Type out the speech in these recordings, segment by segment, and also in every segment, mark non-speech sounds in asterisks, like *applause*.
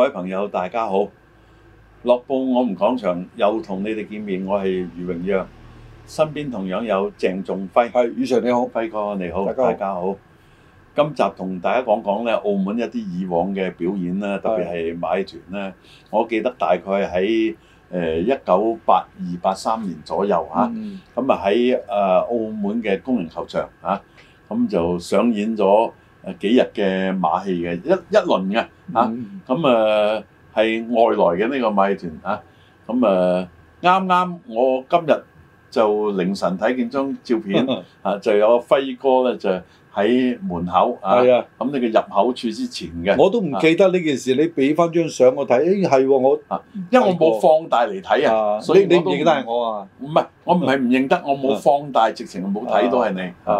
各位朋友，大家好！樂報我哋講場又同你哋見面，我係余榮耀，身邊同樣有鄭仲輝。係，余 Sir 你好，輝哥你好，大家好。今集同大家講講咧澳門一啲以往嘅表演啦，特別係馬戲團啦。我記得大概喺誒一九八二八三年左右吓，咁啊喺誒澳門嘅工人球場吓，咁就上演咗。誒幾日嘅馬戲嘅一一輪嘅嚇，咁誒係外來嘅呢個馬戲團啊，咁誒啱啱我今日就凌晨睇見張照片啊，就有個輝哥咧就喺門口啊，咁呢個入口處之前嘅。我都唔記得呢件事，你俾翻張相我睇，係喎，我，因為我冇放大嚟睇啊，你你唔認得係我啊？唔係，我唔係唔認得，我冇放大，直情冇睇到係你。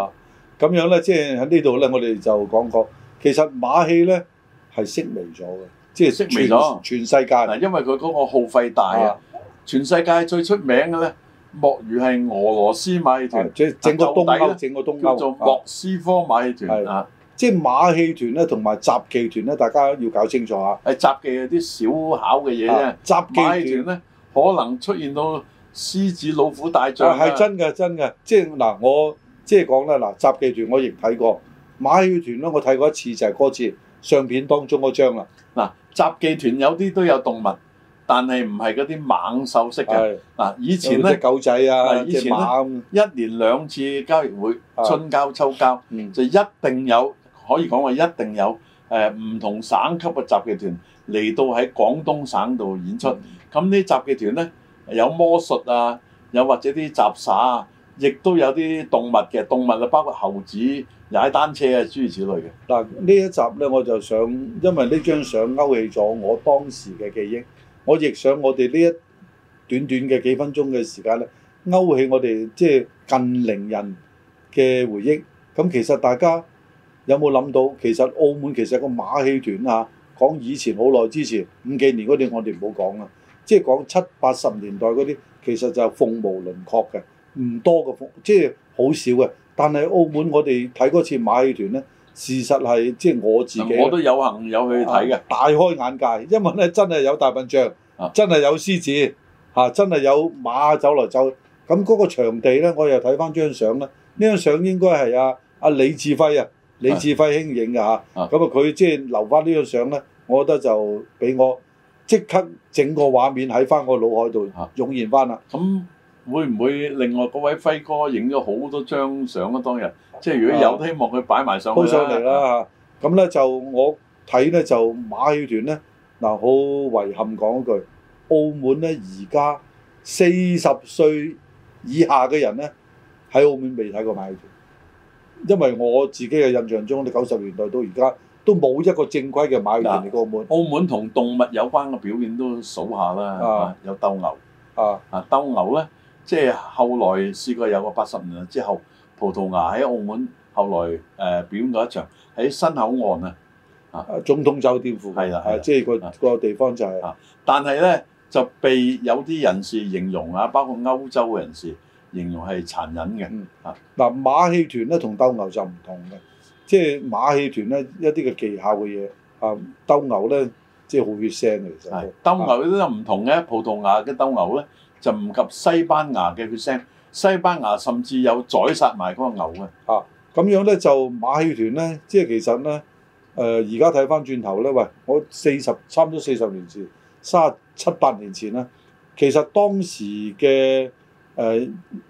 咁樣咧，即係喺呢度咧，我哋就講過，其實馬戲咧係式微咗嘅，即係式微咗全世界。嗱，因為佢嗰個耗費大啊，全世界最出名嘅咧，莫如係俄羅斯馬戲團，啊，整個東歐，整個東歐叫做莫斯科馬戲團。係，即係馬戲團咧，同埋雜技團咧，大家要搞清楚啊。係雜技有啲小巧嘅嘢咧。馬戲、啊、團咧，可能出現到獅子、老虎大象。係真嘅，真嘅，即係嗱我。即係講咧，嗱雜技團我亦睇過，馬戲團咧我睇過一次，就係、是、嗰次相片當中嗰張啦。嗱，雜技團有啲都有動物，但係唔係嗰啲猛獸式嘅。嗱是，以前咧，狗仔啊，以前一年兩次交易會，春交秋交是、嗯，就一定有，可以講話一定有。誒、呃，唔同省級嘅雜技團嚟到喺廣東省度演出，咁呢雜技團咧有魔術啊，有或者啲雜耍啊。亦都有啲動物嘅動物啊，包括猴子踩單車啊，諸如此類嘅。嗱呢一集呢，我就想，因為呢張相勾起咗我當時嘅記憶，我亦想我哋呢一短短嘅幾分鐘嘅時間呢，勾起我哋即係近零人嘅回憶。咁其實大家有冇諗到？其實澳門其實個馬戲團啊，講以前好耐之前五幾年嗰啲，我哋唔好講啦，即係講七八十年代嗰啲，其實就係鳳毛麟角嘅。唔多嘅風，即係好少嘅。但係澳門我哋睇嗰次馬戲團咧，事實係即係我自己，我都有幸有去睇嘅、啊，大開眼界。因為咧真係有大笨象，啊、真係有獅子，嚇、啊、真係有馬走來走去。咁嗰個場地咧，我又睇翻張相咧。呢、嗯、張相應該係阿阿李志輝啊，李志輝兄影嘅嚇。咁啊，佢、啊、即係留翻呢張相咧，我覺得就俾我即刻整個畫面喺翻我腦海度湧現翻啦。咁、啊啊啊會唔會另外嗰位輝哥影咗好多張相啊？當日即係如果有，希望佢擺埋上去。啊、上嚟啦，咁咧就我睇咧就馬戲團咧嗱，好遺憾講一句，澳門咧而家四十歲以下嘅人咧喺澳門未睇過馬戲團，因為我自己嘅印象中，我哋九十年代到而家都冇一個正規嘅馬戲團嚟過澳門。啊、澳門同動物有關嘅表演都數下啦，啊、有鬥牛啊，鬥牛咧～即係後來試過有個八十年之後葡萄牙喺澳門後來誒、呃、表演過一場，喺新口岸啊，啊總統酒店附近係啦，即係個個地方就係、係啊，但係咧就被有啲人士形容啊，包括歐洲嘅人士形容係殘忍嘅、嗯。啊，嗱馬戲團咧同鬥牛就唔同嘅，即係馬戲團咧一啲嘅技巧嘅嘢啊，鬥牛咧即係好血腥嘅其實。鬥牛咧就唔同嘅，葡萄牙嘅鬥牛咧。就唔及西班牙嘅血腥，西班牙甚至有宰殺埋嗰個牛嘅。啊，咁樣咧就馬戲團咧，即係其實咧，誒而家睇翻轉頭咧，喂，我四十差唔多四十年前，三十七八年前啦，其實當時嘅誒、呃、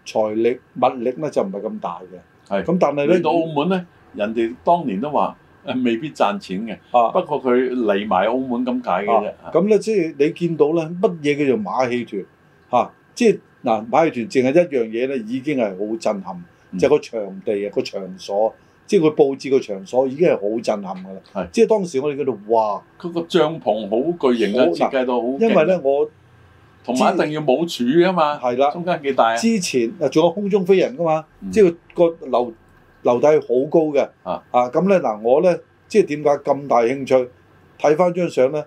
財力物力咧就唔係咁大嘅。係。咁但係呢，嚟是到澳門咧，人哋當年都話誒未必賺錢嘅。啊。不過佢嚟埋澳門咁解嘅啫。咁咧即係你見到咧，乜嘢叫做馬戲團？嚇、啊！即係嗱，馬戲團淨係一樣嘢咧，已經係好震撼，嗯、就個場地啊，個場所，即係佢佈置個場所已經係好震撼噶啦。係。即係當時我哋嗰度哇！嗰個帳篷好巨型啊，設計到好，因為咧，我同埋一定要冇柱啊嘛。係啦。空間幾大啊？之前啊仲有空中飛人噶嘛，即係個樓樓底好高嘅。啊咁咧嗱，我咧即係點解咁大興趣睇翻張相咧？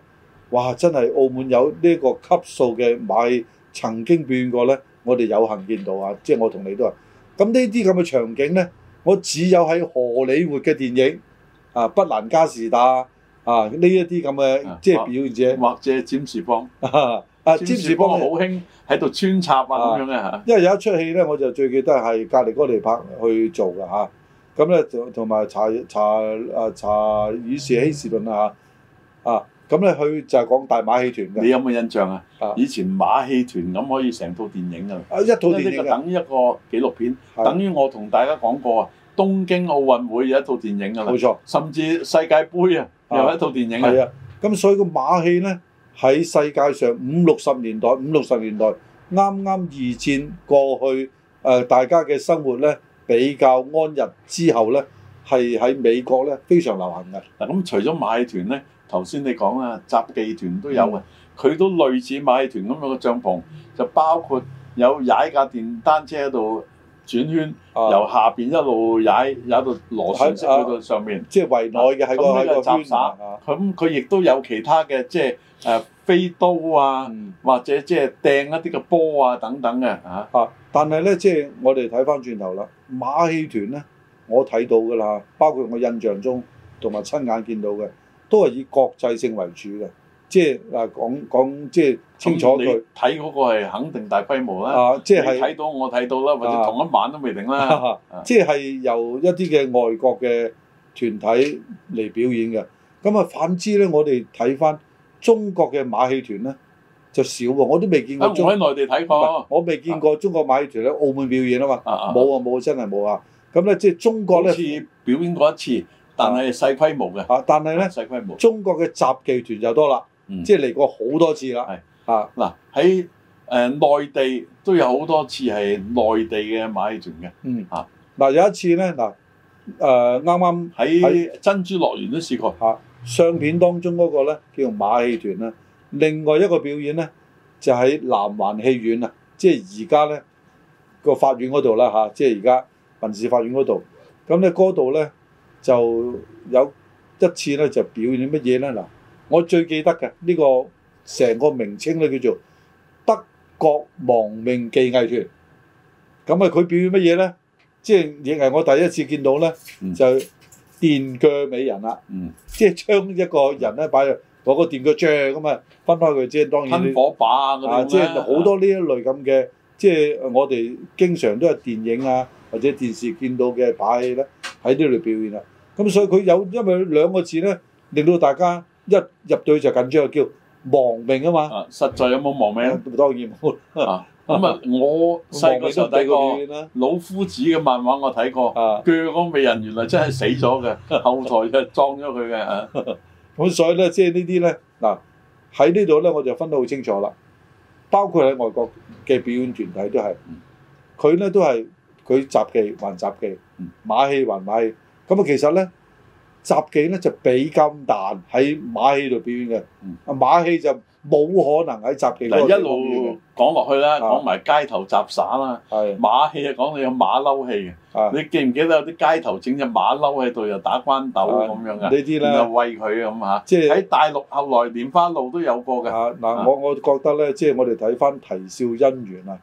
哇！真係澳門有呢個級數嘅馬曾經變過咧，我哋有幸見到啊！即係我同你都係，咁呢啲咁嘅場景咧，我只有喺荷里活嘅電影啊，不難加時打啊，呢一啲咁嘅即係表演者，啊、或者詹士邦啊，詹士邦好興喺度穿插啊咁樣嘅嚇。因為有一出戲咧，我就最記得係隔離嗰度拍去做㗎嚇。咁咧同同埋查查啊查士時希士頓啊啊！啊咁咧去就係講大馬戲團嘅，你有冇印象啊？以前馬戲團咁可以成套電影噶，一套電影等於一個紀錄片，等於我同大家講過啊。東京奧運會有一套電影噶啦，冇錯，甚至世界盃啊，又係一套電影啊。咁所以個馬戲咧喺世界上五六十年代，五六十年代啱啱二戰過去，誒大家嘅生活咧比較安逸之後咧，係喺美國咧非常流行嘅。咁除咗馬戲團咧？頭先你講啊，雜技團都有嘅，佢都類似馬戲團咁樣嘅帳篷，就包括有踩架電單車喺度轉圈，由下邊一路踩踩到螺旋嗰個上面。即係圍內嘅喺個喺個閘撒。咁佢亦都有其他嘅，即係誒飛刀啊，或者即係掟一啲嘅波啊等等嘅。嚇！啊！但係咧，即係我哋睇翻轉頭啦，馬戲團咧，我睇到㗎啦，包括我印象中同埋親眼見到嘅。都係以國際性為主嘅，即係嗱講講即係清楚佢睇嗰個係肯定大規模啦。啊，即係睇到我睇到啦，或者同一晚都未定啦。即係由一啲嘅外國嘅團體嚟表演嘅。咁啊，反之咧，我哋睇翻中國嘅馬戲團咧就少喎。我都未見過。我喺內地睇過，我未見過中國馬戲團咧，澳門表演啊嘛。冇啊，冇真係冇啊。咁咧，即係中國咧，好似表演過一次。但係細規模嘅啊！但係咧，細規模，中國嘅雜技團就多啦，即係嚟過好多次啦。係啊，嗱喺誒內地都有好多次，係內地嘅馬戲團嘅。嗯啊，嗱有一次咧，嗱誒啱啱喺喺珍珠樂園都試過啊，相片當中嗰個咧叫做馬戲團啦。另外一個表演咧就喺南環戲院啊，即係而家咧個法院嗰度啦嚇，即係而家民事法院嗰度，咁咧嗰度咧。就有一次咧，就表演乜嘢咧？嗱，我最記得嘅呢、這個成個名稱咧，叫做德國亡命技藝團。咁啊，佢表演乜嘢咧？即係亦係我第一次見到咧，嗯、就電鋸美人啦。嗯。即係將一個人咧擺入嗰個電鋸鋸咁啊，分開佢即係。當然。噴火把嗰啲啊，即係好多呢一類咁嘅，啊、即係我哋經常都係電影啊或者電視見到嘅把戲咧，喺呢度表演啦。咁所以佢有，因為兩個字咧，令到大家一入到就緊張，叫亡命啊嘛！啊，實在有冇亡命？當然冇啊。咁啊，我細個時候睇過《老夫子》嘅漫畫我，我睇過鋸嗰個美人原來真係死咗嘅，啊、後台嘅撞咗佢嘅。咁所以咧，即係呢啲咧嗱，喺呢度咧我就分得好清楚啦。包括喺外國嘅表演團體都係，佢咧都係佢雜技還雜技，馬戲還馬戲。咁啊，其實咧雜技咧就比較難喺馬戲度表演嘅，啊馬戲就冇可能喺雜技度。嗱一路講落去啦，講埋街頭雜耍啦，的馬戲就講到有馬騮戲嘅。你記唔記得有啲街頭整隻馬騮喺度又打關鬥咁樣㗎？呢啲啦，喂佢咁嚇。即係喺大陸後來蓮花路都有過㗎。嗱、啊、我我覺得咧，即係我哋睇翻《啼、嗯、笑姻緣》啊，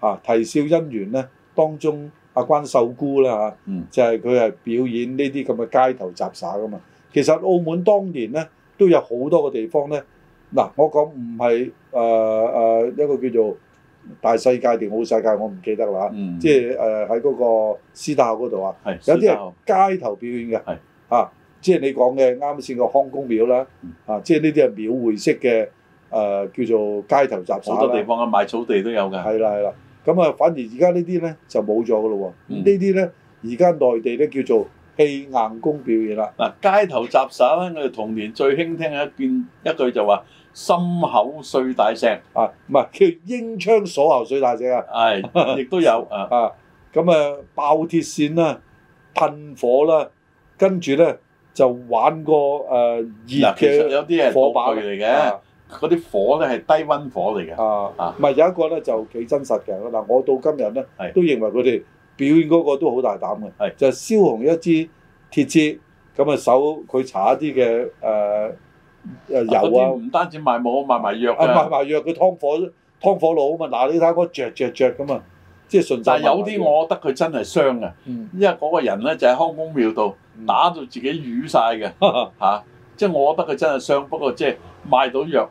嚇《啼笑姻緣》咧當中。阿關秀姑啦嚇，就係佢係表演呢啲咁嘅街頭雜耍噶嘛。其實澳門當年咧都有好多個地方咧，嗱我講唔係誒誒一個叫做大世界定好世界，我唔記得啦。即係誒喺嗰個師大嗰度啊，有啲係街頭表演嘅，嚇，即係你講嘅啱先個康公廟啦，啊，即係呢啲係廟會式嘅誒叫做街頭雜耍。好多地方啊，賣草地都有嘅。係啦係啦。咁啊，反而而家呢啲咧就冇咗㗎咯喎！呢啲咧，而家內地咧叫做氣硬功表演啦。嗱、嗯，街頭雜耍咧，我哋童年最興聽嘅一見一句就話：心口碎大石啊，唔係叫英槍鎖喉碎大石啊。係、哎，亦都有 *laughs* 啊。咁啊，爆鐵線啦、啊，噴火啦、啊，跟住咧就玩個、呃熱啊啊、其實有啲嘅火爆嚟嘅。啊嗰啲火咧係低溫火嚟嘅，啊，唔係有一個咧就幾真實嘅嗱，我到今日咧都認為佢哋表演嗰個都好大膽嘅，就燒紅一支鐵枝咁啊，手佢搽一啲嘅誒誒油啊，唔單止賣武賣埋藥啊，賣埋藥佢㓥火㓥火爐啊嘛，嗱你睇下嗰灼灼灼咁啊，即係順手。但係有啲我覺得佢真係傷啊，因為嗰個人咧就喺康公廟度打到自己瘀晒嘅嚇，即係我覺得佢真係傷。不過即係賣到藥。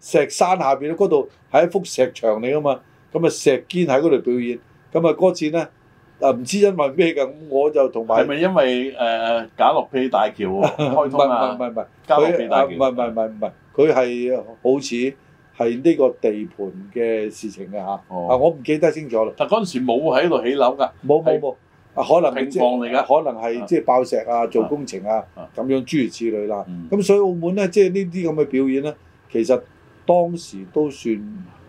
石山下邊咧，嗰度係一幅石牆嚟噶嘛，咁啊石堅喺嗰度表演，咁啊嗰次咧啊唔知因為咩㗎，我就同埋係咪因為誒嘉樂庇大橋開通喎？唔係，唔係，唔係，嘉樂庇大橋唔係，唔係，唔係，佢係好似係呢個地盤嘅事情㗎嚇，啊我唔記得清楚啦。但嗰陣時冇喺度起樓㗎，冇，冇，冇，啊可能平房嚟㗎，可能係即係爆石啊、做工程啊咁樣諸如此類啦。咁所以澳門咧，即係呢啲咁嘅表演咧，其實。當時都算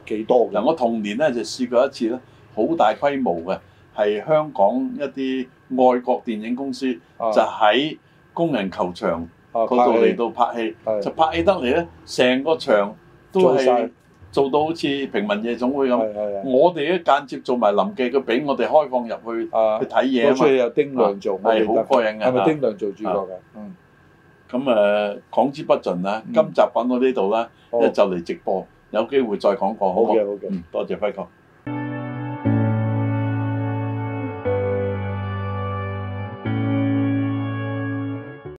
幾多嘅。嗱，我童年咧就試過一次咧，好大規模嘅，係香港一啲外國電影公司就喺工人球場嗰度嚟到拍戲，就拍戲得嚟咧，成個場都係做到好似平民夜總會咁。我哋一間接做埋臨記，佢俾我哋開放入去去睇嘢啊嘛。嗰次有丁亮做，係好過癮嘅。係咪丁亮做主角嘅？咁誒、嗯、講之不盡啦，嗯、今集講到呢度啦，好因為就嚟直播，有機會再講過，好嗎？好嘅，好嘅、嗯、多謝輝哥。